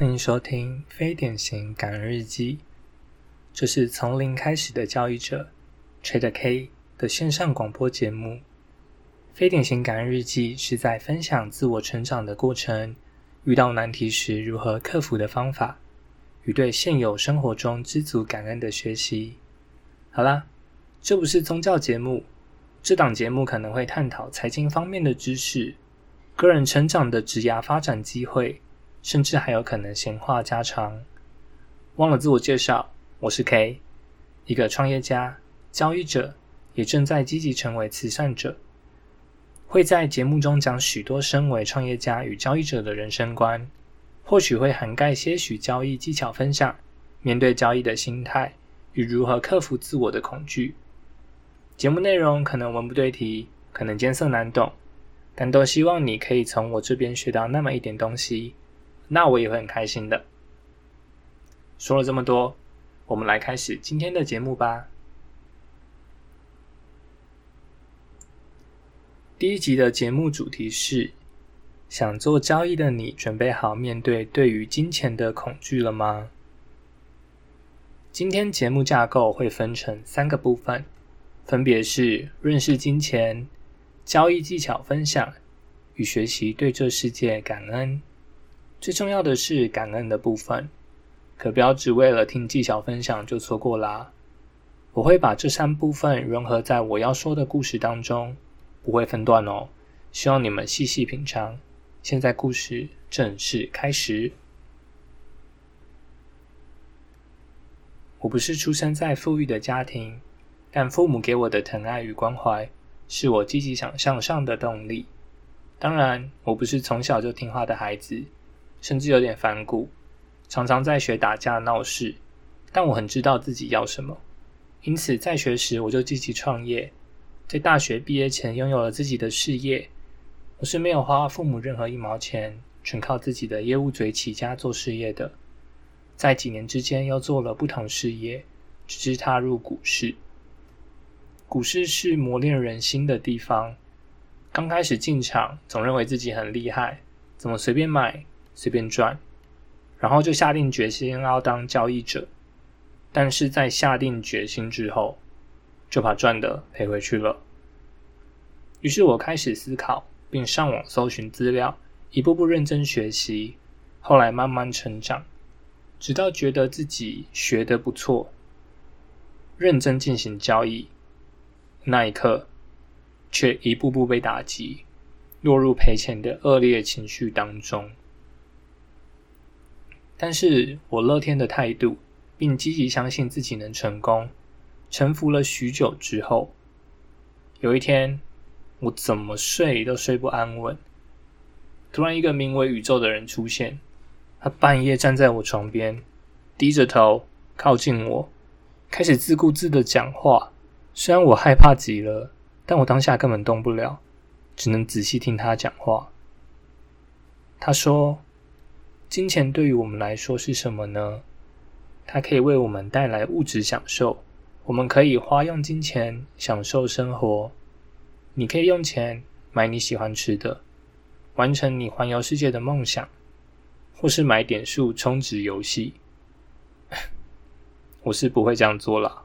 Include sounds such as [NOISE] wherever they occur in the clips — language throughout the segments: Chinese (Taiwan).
歡迎收聽《非典型感恩日記》，這是從零開始的交易者 Trader K 的線上廣播節目。《非典型感恩日記》是在分享自我成長的過程，遇到難題時如何克服的方法，與對現有生活中知足感恩的學習。好啦，這不是宗教節目，這檔節目可能會探討財經方面的知識、個人成長的職涯發展機會。甚至還有可能閒話家常，忘了自我介紹，我是 K，一個創業家、交易者，也正在積極成為慈善者。會在節目中講許多身為創業家與交易者的人生觀，或許會涵蓋些許交易技巧分享，面對交易的心態與如何克服自我的恐懼。節目內容可能文不對題，可能艱澀難懂，但都希望你可以從我這邊學到那麼一點東西。那我也會很開心的。說了這麼多，我們來開始今天的節目吧。第一集的節目主題是：想做交易的你，準備好面對對於金錢的恐懼了嗎？今天節目架構會分成三個部分，分別是認識金錢、交易技巧分享，與學習對這世界感恩。最重要的是感恩的部分，可不要只為了聽技巧分享就錯過啦！我會把這三部分融合在我要說的故事當中，不會分段哦。希望你們細細品嘗。現在故事正式開始。我不是出生在富裕的家庭，但父母給我的疼愛與關懷，是我積極想向上的動力。當然，我不是從小就聽話的孩子。甚至有點反骨，常常在學打架鬧事，但我很知道自己要什麼，因此在學時我就積極創業，在大學畢業前擁有了自己的事業，我是沒有花父母任何一毛錢，全靠自己的業務嘴起家做事業的，在幾年之間又做了不同事業，直至踏入股市。股市是磨練人心的地方，剛開始進場總認為自己很厲害，怎麼隨便買，隨便賺，然後就下定決心要當交易者，但是在下定決心之後，就把賺的賠回去了。於是我開始思考，並上網搜尋資料，一步步認真學習，後來慢慢成長，直到覺得自己學得不錯，認真進行交易，那一刻，卻一步步被打擊，落入賠錢的惡劣情緒當中。但是我樂天的態度，並積極相信自己能成功，臣服了許久之後，有一天我怎麼睡都睡不安穩。突然，一個名為宇宙的人出現，他半夜站在我床邊，低着頭靠近我，開始自顧自的講話。雖然我害怕極了，但我當下根本動不了，只能仔細聽他講話。他說。金錢對於我們來說是什麼呢？它可以為我們帶來物質享受，我們可以花用金錢享受生活。你可以用錢買你喜歡吃的，完成你環遊世界的夢想，或是買點數充值遊戲。 [LAUGHS] 我是不會這樣做啦。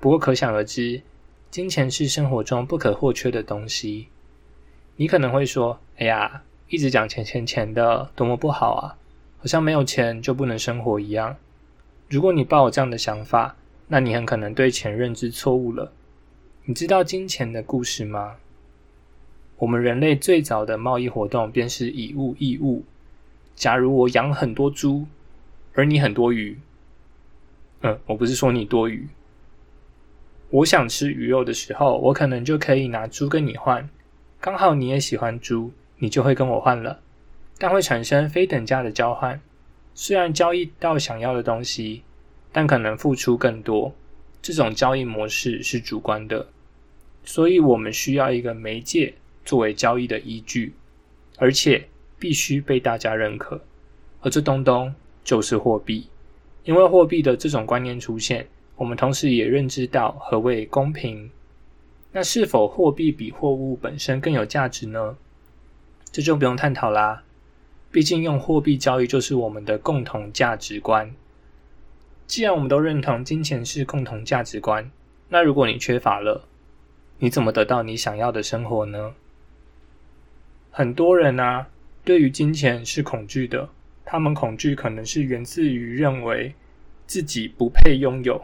不過可想而知，金錢是生活中不可或缺的東西。你可能會說：“哎呀。”一直講錢錢錢的，多麼不好啊！好像沒有錢就不能生活一樣。如果你抱有這樣的想法，那你很可能對錢認知錯誤了。你知道金錢的故事嗎？我們人類最早的貿易活動便是以物易物。假如我養很多豬，而你很多魚，嗯，我不是說你多餘。我想吃魚肉的時候，我可能就可以拿豬跟你換，剛好你也喜歡豬。你就會跟我換了，但會產生非等價的交換。雖然交易到想要的東西，但可能付出更多。這種交易模式是主觀的，所以我們需要一個媒介作為交易的依據，而且必須被大家認可。而這東東就是貨幣。因為貨幣的這種觀念出現，我們同時也認知到何謂公平。那是否貨幣比貨物本身更有價值呢？這就不用探討啦，畢竟用貨幣交易就是我們的共同價值觀。既然我們都認同金錢是共同價值觀，那如果你缺乏了，你怎麼得到你想要的生活呢？很多人啊，對於金錢是恐懼的，他們恐懼可能是源自於認為自己不配擁有，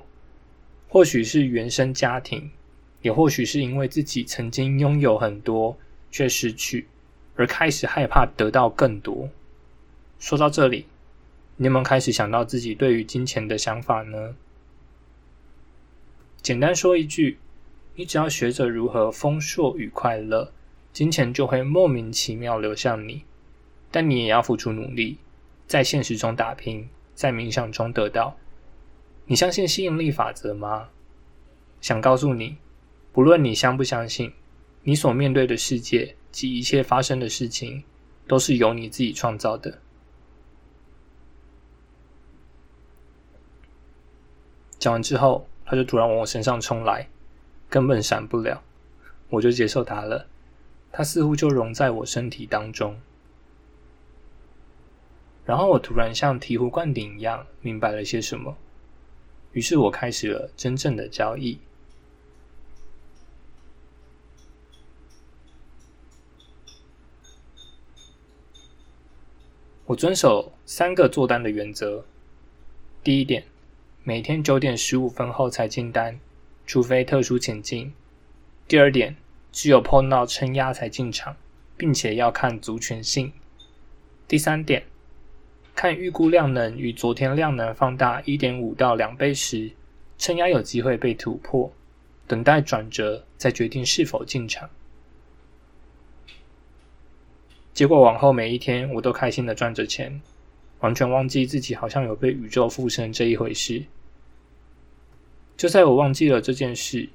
或許是原生家庭，也或許是因為自己曾經擁有很多，卻失去，而開始害怕得到更多。說到這裡，你有沒有開始想到自己對於金錢的想法呢？簡單說一句，你只要學着如何豐碩與快樂，金錢就會莫名其妙流向你。但你也要付出努力，在現實中打拼，在冥想中得到。你相信吸引力法則嗎？想告訴你，不論你相不相信，你所面對的世界。即一切發生的事情，都是由你自己創造的。講完之後，他就突然往我身上衝來，根本閃不了，我就接受他了。他似乎就融在我身體當中，然後我突然像醍醐灌頂一樣明白了些什麼，於是我開始了真正的交易。我遵守三個做單的原則：第一點，每天九點十五分後才進單，除非特殊情境；第二點，只有碰到撐壓才進場，並且要看族群性；第三點，看預估量能與昨天量能放大一點五到兩倍時，撐壓有機會被突破，等待轉折再決定是否進場。結果往後每一天，我都開心地賺着錢，完全忘記自己好像有被宇宙附身這一回事。就在我忘記了這件事，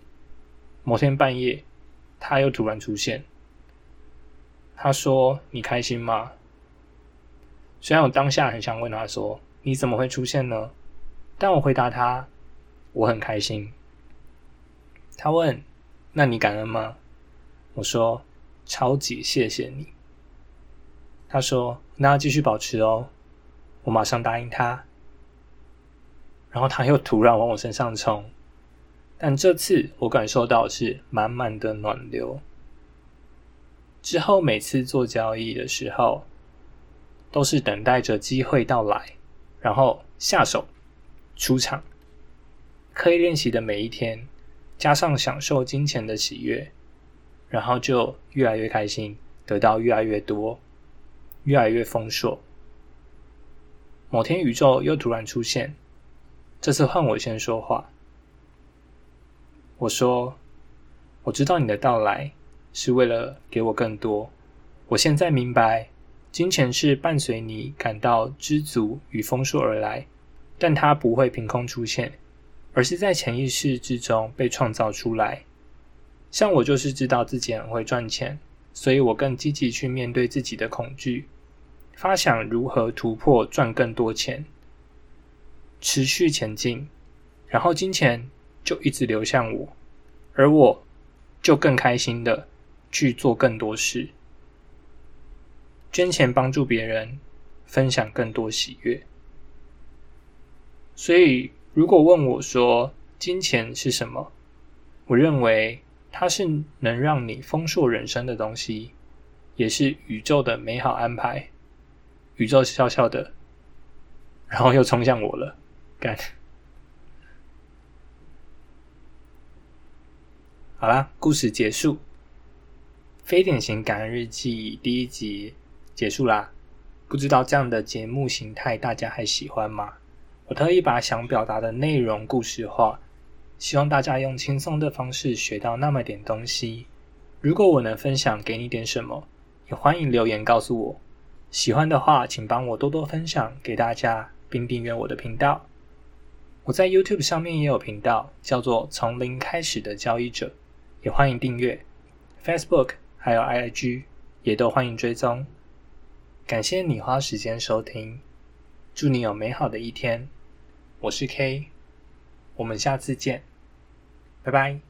某天半夜，他又突然出現。他說：“你開心嗎？”雖然我當下很想問他說：“你怎麼會出現呢？”但我回答他：“我很開心。”他問：“那你感恩嗎？”我說：“超級謝謝你。”他說：“那要繼續保持哦。”我馬上答應他。然後他又突然往我身上衝，但這次我感受到是滿滿的暖流。之後每次做交易的時候，都是等待着機會到來，然後下手出場。刻意練習的每一天，加上享受金錢的喜悅，然後就越來越開心，得到越來越多。越來越豐碩。某天宇宙又突然出現，這次換我先說話。我說：“我知道你的到來是為了給我更多。我現在明白，金錢是伴隨你感到知足與豐碩而來，但它不會憑空出現，而是在潛意識之中被創造出來。像我就是知道自己很會賺錢，所以我更積極去面對自己的恐懼。”發想如何突破賺更多錢，持續前進，然後金錢就一直流向我，而我就更開心的去做更多事，捐錢幫助別人，分享更多喜悅。所以，如果問我說金錢是什麼，我認為它是能讓你豐碩人生的東西，也是宇宙的美好安排。宇宙笑笑的，然後又衝向我了，幹！好啦，故事結束，《非典型感恩日記》第一集結束啦。不知道這樣的節目形態大家還喜歡嗎？我特意把想表達的內容故事化，希望大家用輕鬆的方式學到那麼點東西。如果我能分享給你點什麼，也歡迎留言告訴我。喜歡的話，請幫我多多分享給大家，並訂閱我的頻道。我在 YouTube 上面也有頻道，叫做“從零開始的交易者”，也歡迎訂閱。Facebook 還有 IG 也都歡迎追蹤。感謝你花時間收聽，祝你有美好的一天。我是 K，我們下次見，拜拜。